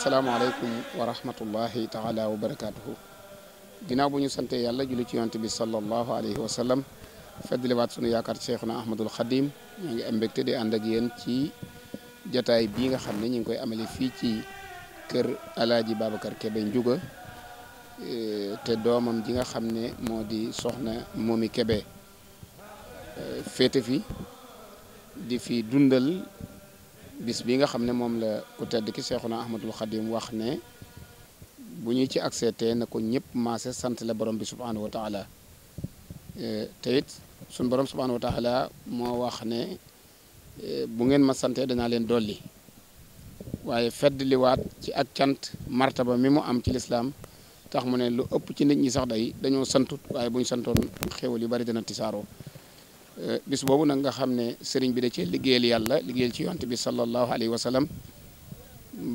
asalaamaaleykum wa rahmatullahi taala wa barakaatuhu ginnaaw bu ñu sante yàlla julli ci yonte bi sallallahu alayhi wa sallam feddliwaat sunu yaakaar cheikhuna ahmadul xadim ñoo ngi am mbégte di ànd ci jataay bii nga xam ne ñu ngi koy amale fii ci kër alaaji babacar kebe njuga eh, te doomam ji nga xam ne moo di soxna moomi kebe eh, féete fi di fi dundal bis bi nga xam ne moom la ku tedd ki Seexuna Ahmadul Xadim wax ne bu ñu ci accès te na ko ñëpp maase sant la borom bi subhanahu wa taala eh, te it suñ borom subhanahu wa taala moo wax ne eh, bu ngeen ma sante danaa leen dolli waaye fedd liwaat ci ak cant martaba mi mu am ci lislaam tax mu ne lu ëpp ci nit ñi sax day dañoo santut waaye bu santoon xéwal yu bari dana tisaaroo Eh, bis boobu nag nga xam ne sëriñ bi da cee liggéeyal yàlla liggéeyal ci yonte bi sallallahu alayhi wa sallam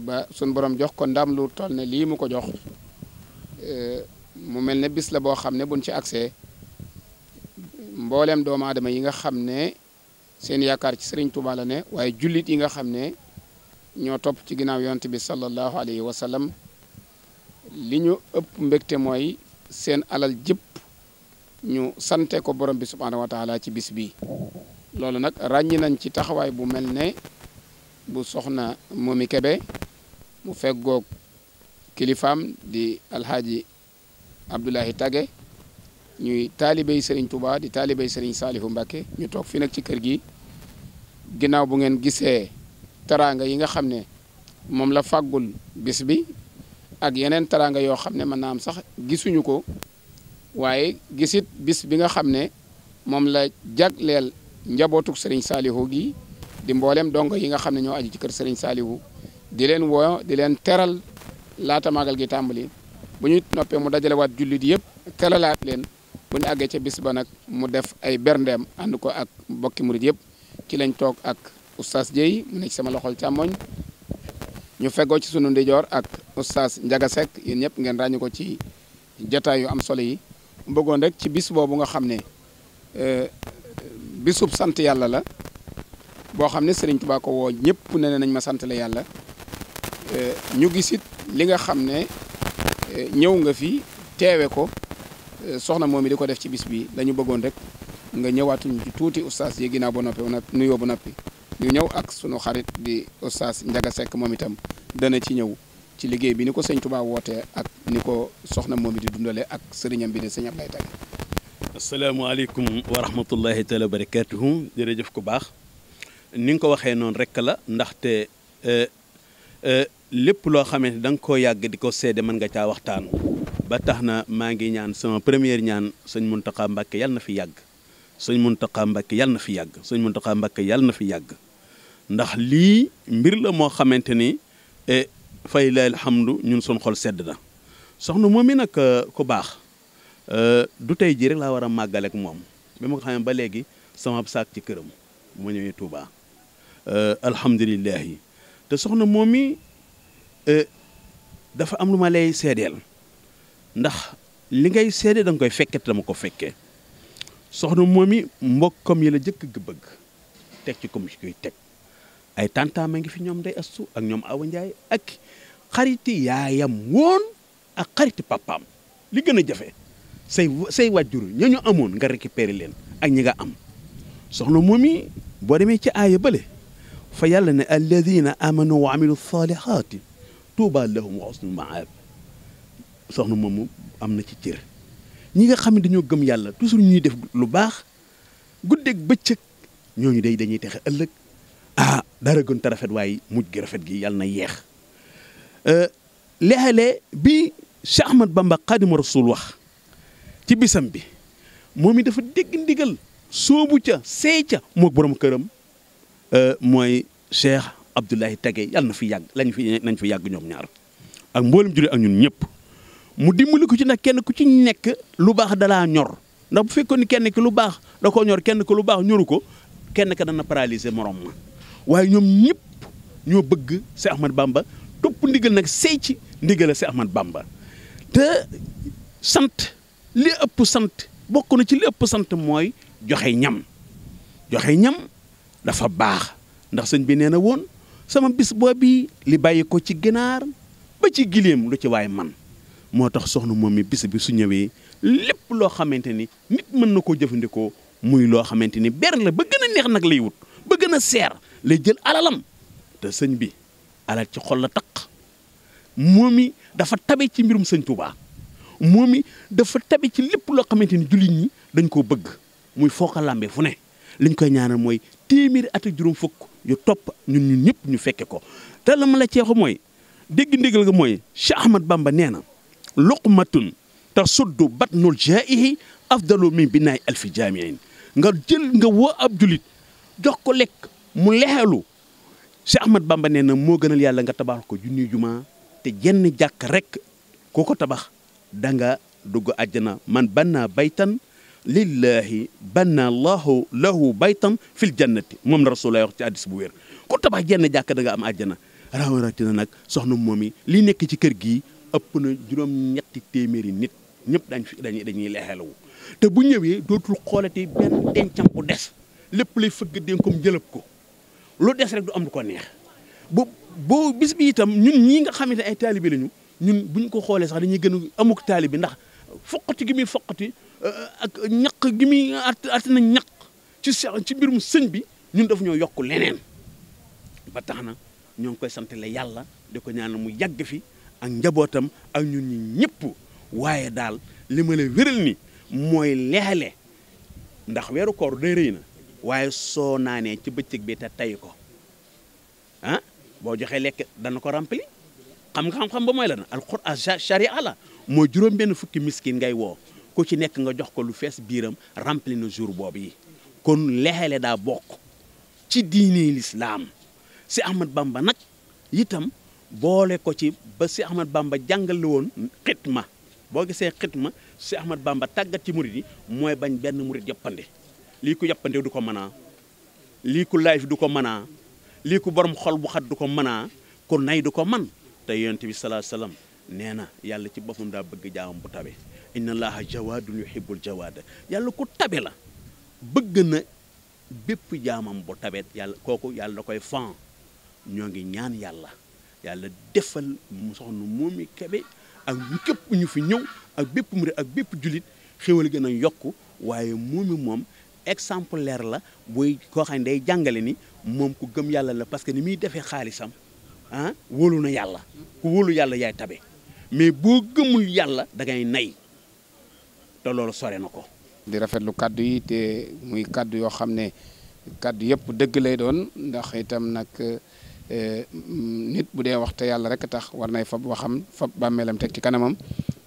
ba sun borom jox ko ndam lu toll ne lii mu ko jox eh, mu mel ne bis la boo xam ne buñ ci accès mbooleem doomu aadama yi nga xam ne seen yaakaar ci sëriñ Tuuba ne waaye jullit yi nga xam ne ñoo topp ci ginnaaw yonte bi sallallahu alayhi wa sallam li ñu ëpp mbégte mooy seen alal jëpp ñu sante ko borom bi subhaanahu wa ci bis bi loolu nag ràññi nañ ci taxawaay bu mel ne bu soxna Momy Kébé mu feggoog kilifaam di alhaaji Abdoulahi Tage ñuy taalibey sëriñ tubaa di taalibey Serigne Saalihu Mbacke ñu toog fi nag ci kër gi ginnaaw bu ngeen gisee taraanga yi nga xam ne moom la fàggul bis bi ak yeneen taraanga yoo xam ne mën naa am sax gisuñu ko waaye gisit bis bi nga xam ne moom la jagleel njabootuk sëriñ saalihu gi di mboolem dongo yi nga xam ne ñoo aju ci kër sëriñ saalihu di leen woo di leen teral laata màggal gi tàmbali bu ñu noppee mu dajalewaat jullit yëpp teralaat leen bu ñu àggee ca bis ba nag mu def ay berndeem ànd ko ak mbokki murit yëpp ci lañ toog ak oustaz Dieye mu nekk sama loxol càmmoñ ñu fegoo ci sunu ndijoor ak oustaz Ndiaga Seck yéen ñëpp ngeen ràññu ko ci jataay yu am solo yi bëggoon rek ci bis boobu nga xam ne euh, bisub sant yàlla la boo xam ne Serigne Touba ko woo ñëpp ne nañ ma sant la yàlla euh, ñu gisit li nga xam ne euh, ñëw nga fi teewe ko soxna moom mi di ko def ci bis bi la bëggoon rek nga ñëwaatuñu ci tuuti oustaz yi ginnaaw ba noppi nuyoo ba noppi ñu ñëw ak sunu xarit di oustaz Ndiaga sekk moom itam dana ci ñëw ci liggéey bi ni ko sëñ Touba wootee ak ni ko soxna moom di dundale ak sëriñam bi di sëñ Ablaye Tall. asalaamaaleykum wa rahmatullahi taala wa barakaatuhu jërëjëf ku baax ni nga ko waxee noonu rek la ndaxte euh, euh, lépp loo xamante da nga koo yàgg di ko seede mën nga caa waxtaan. ba tax na maa ngi ñaan sama première ñaan sëñ Mountakha Mbacké yàlla na fi yàgg sëñ Mountakha Mbacké yàlla na fi yàgg sëñ Mountakha Mbacké yàlla na fi yàgg ndax lii mbir la moo xamante ni. Euh, fay lay alhamdu ñun suñ xol sedd na soxna moom mi nag euh, ko baax euh, du tey jii rek laa war a màggale moom bi ma ko xamee ba léegi sama saak ci këram moo ñëwee Touba euh, alhamdulilah yi te soxna moom mi dafa am lu ma lay seedeel ndax li ngay seede da koy fekke te dama ko fekkee soxna moom mi mbokkam yi la jëkk bëgg teg ci comme ci koy teg. ay tantaam a ngi fi ñoom day astu ak ñoom Awa Ndiaye ak xariti yaayam woon ak xariti papaam li gën a jafe say say wàjjur ña ñu amoon nga récupérer leen ak ñi nga am soxna moom yi boo demee ci aaya bale fa yàlla ne alladina amanu wa amilu salihati tuuba lahum wa husnu maab soxna moomu am na ci cër ñi nga xam ne dañoo gëm yàlla toujours ñuy def lu baax guddeeg bëccëg ñooñu day dañuy texe ëllëg ah, dara gën rafet waaye mujj gi rafet gi yàlla na yeex euh, leexalee bi Cheikh Ahmad Bamba Xaadimu Rasuul wax ci bisam bi moom it dafa dégg ndigal soobu ca seey ca moog borom këram euh, mooy Cheikh Abdoulahi Tage yàlla na fi yàgg lañ fi nañ fi yàgg ñoom ñaar ak mboolum jullit ak ñun ñëpp mu dimbali ko ci nag kenn ku ci nekk lu baax dalaa ñor ndax bu fekkoon ni kenn ki lu baax da koo ñor kenn ku lu baax ñoru ko kenn ka dana paralyser morom ma waaye ñoom ñëpp ñoo bëgg Cheikh Ahmad Bamba topp ndigal nag sey ci ndigal a Cheikh Ahmad Bamba te sant li ëpp sant bokk na ci li ëpp sant mooy joxe ñam joxe ñam dafa baax ndax sëñ bi nee na woon sama bis boobu li bàyyi ko ci ginaar ba ci gileem lu ci waaye man moo tax soxna moom mi bis bi su ñëwee lépp loo xamante ni nit mën na koo jëfandikoo muy loo xamante ni ber la ba gën a neex nag lay wut ba gën a seer lay jël alalam te sëñ bi alal ci xol la taq moom i dafa tabe ci mbirum sëñ Touba moom i dafa tabe ci lépp loo xamante ni jullit ñi dañ koo bëgg muy fooka làmbe fu ne liñ koy ñaanal mooy téeméeri at ak juróom fukk yu topp ñun ñu ñëpp ñu fekke ko te la ma la ceexu mooy dégg ndigal ga mooy Cheikh Ahmad Bamba nee na luqmatun te suddu batnul jaa'ihi afdalu bi binaay alfi jaamiin nga jël nga woo ab julit jox ko lekk mu lexelu si Ahmad Bamba nee na moo gënal yàlla nga tabax ko junni juma te jenn jàkk rek koo ko tabax danga nga dugg àjjana man banna baytan lillahi banna allahu lahu baytan fil jannati moom la rasulullah wax ci addis bu wér ku tabax jenn jàkk danga am nga am àjjana na nag soxna moom yi li nekk ci kër gi ëpp na juróom-ñetti téeméeri nit ñëpp dañ fi dañuy dañuy leexelawu te bu ñëwee dootul xoolati benn dencam bu des lépp lay fëgg dénkom jëlëb ko lu des rek du am du ko neex bu boo bis bi itam ñun ñii nga xam xamante ay taalibe lañu ñun bu ñu ko xoolee sax dañuy gën a amuk taalibe ndax foqati gi muy foqati euh, ak ñaq gi muy at na ñaq ci ci mbirum sëñ bi ñun dafa ñoo yokk leneen ba tax na ñoo ngi koy santale yàlla di ko ñaanal mu yàgg fi ak njabootam ak ñun ñi ñëpp waaye daal li ma la wéral ni mooy leexale ndax weeru koor day rëy na waaye soo naanee ci bëccëg bi te tey ko ah boo joxee lekk dana ko rempli xam nga xam-xam ba mooy la na alquran charia la mooy juróom benn fukki miskin ngay woo ku ci nekk nga jox ko lu fees biiram rempli na jour boobu yi kon lexele daa bokk ci diine lislaam si Ahmad Bamba nag itam boole ko ci ba si Ahmad Bamba jàngale woon ma boo gisee ma si Ahmad Bamba tàggat ci murit yi mooy bañ benn murit yëppande lii ku yàppante du ko mën a lii ku live du ko mën a lii ku borom xol bu xat du ko mën a ku nay du ko man te yonent bi salaa salaam nee na yàlla ci boppam daa bëgg jaamam bu tabe inna allaha jawaadun yuhibbul jawaada yàlla ko tabe la bëgg na bépp jaamam bu tabe yàlla kooku yàlla da koy fan ñoo ngi ñaan yàlla yàlla defal mu soxna Momy Kébé ak képp ñu fi ñëw ak bépp murid ak bépp jullit xéwal gën a yokk waaye Momy moom exemple exemplaire la buy koo xam ne day jàngale ni moom ku gëm yàlla la parce que ni muy defee xaalisam ah wóolu na yàlla ku wóolu yàlla yaay tabe mais boo gëmul yàlla da ngay nay te loolu sore na ko. di rafetlu kàddu yi te muy kàddu yoo xam ne kàddu yëpp dëgg lay doon ndax itam nag. Eh, nit bu dee wax te yàlla rek tax war nay fab waxam fab bàmmeelam teg ci kanamam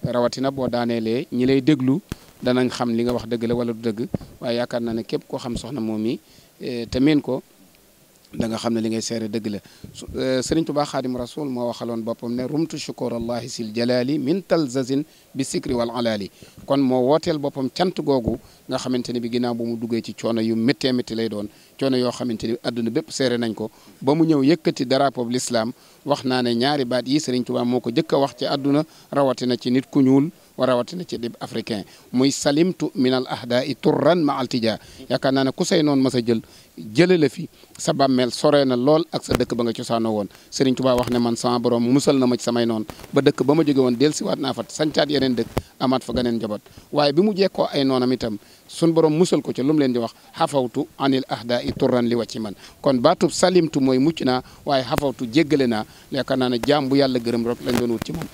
rawatina boo daaneelee ñi lay déglu danañ xam li nga wax dëgg la wala du dëgg waaye yaakaar naa ne képp koo xam soxna moom mi eh, te meen ko da nga xam ne li ngay seere dëgg la sëriñ eh, Tuubaa Xaadim Rasul moo waxaloon boppam ne rumtu shukur allahi sil jalali min talzazin bi sikri wal alali kon moo wooteel boppam cant googu nga xamante ne bi ginnaaw bu mu duggee ci coono yu méttee métti lay doon coono yoo xamante ni àdduna bépp seere nañ ko ba mu ñëw yëkkati drapeau bi l'islam wax naa ne ñaari baat yi Serigne Touba moo ko jëkk wax ci àdduna rawatina ci nit ku ñuul wa rawatina ci dib africain muy salimtu min al ahda i turran ma altija yaakaar naa ne ku say noonu ma sa jël jële la fi sa bàmmeel soree na lool ak sa dëkk ba nga cosaanoo woon Serigne Touba wax ne man sama borom musal na ma ci samay noon ba dëkk ba ma jege woon dellusiwaat naa fa sancaat yeneen dëkk amaat fa ganeen njaboot waaye bi mu jekkoo ay noonam itam sun borom musal ko ca lu leen di wax xafawtu anil ahda i turran li wàcci man kon baatub salimtu mooy mucc na waaye xafawtu jéggale naa yaakaar naa ne jaam bu yàlla gërëm rek lañ doon wut ci moom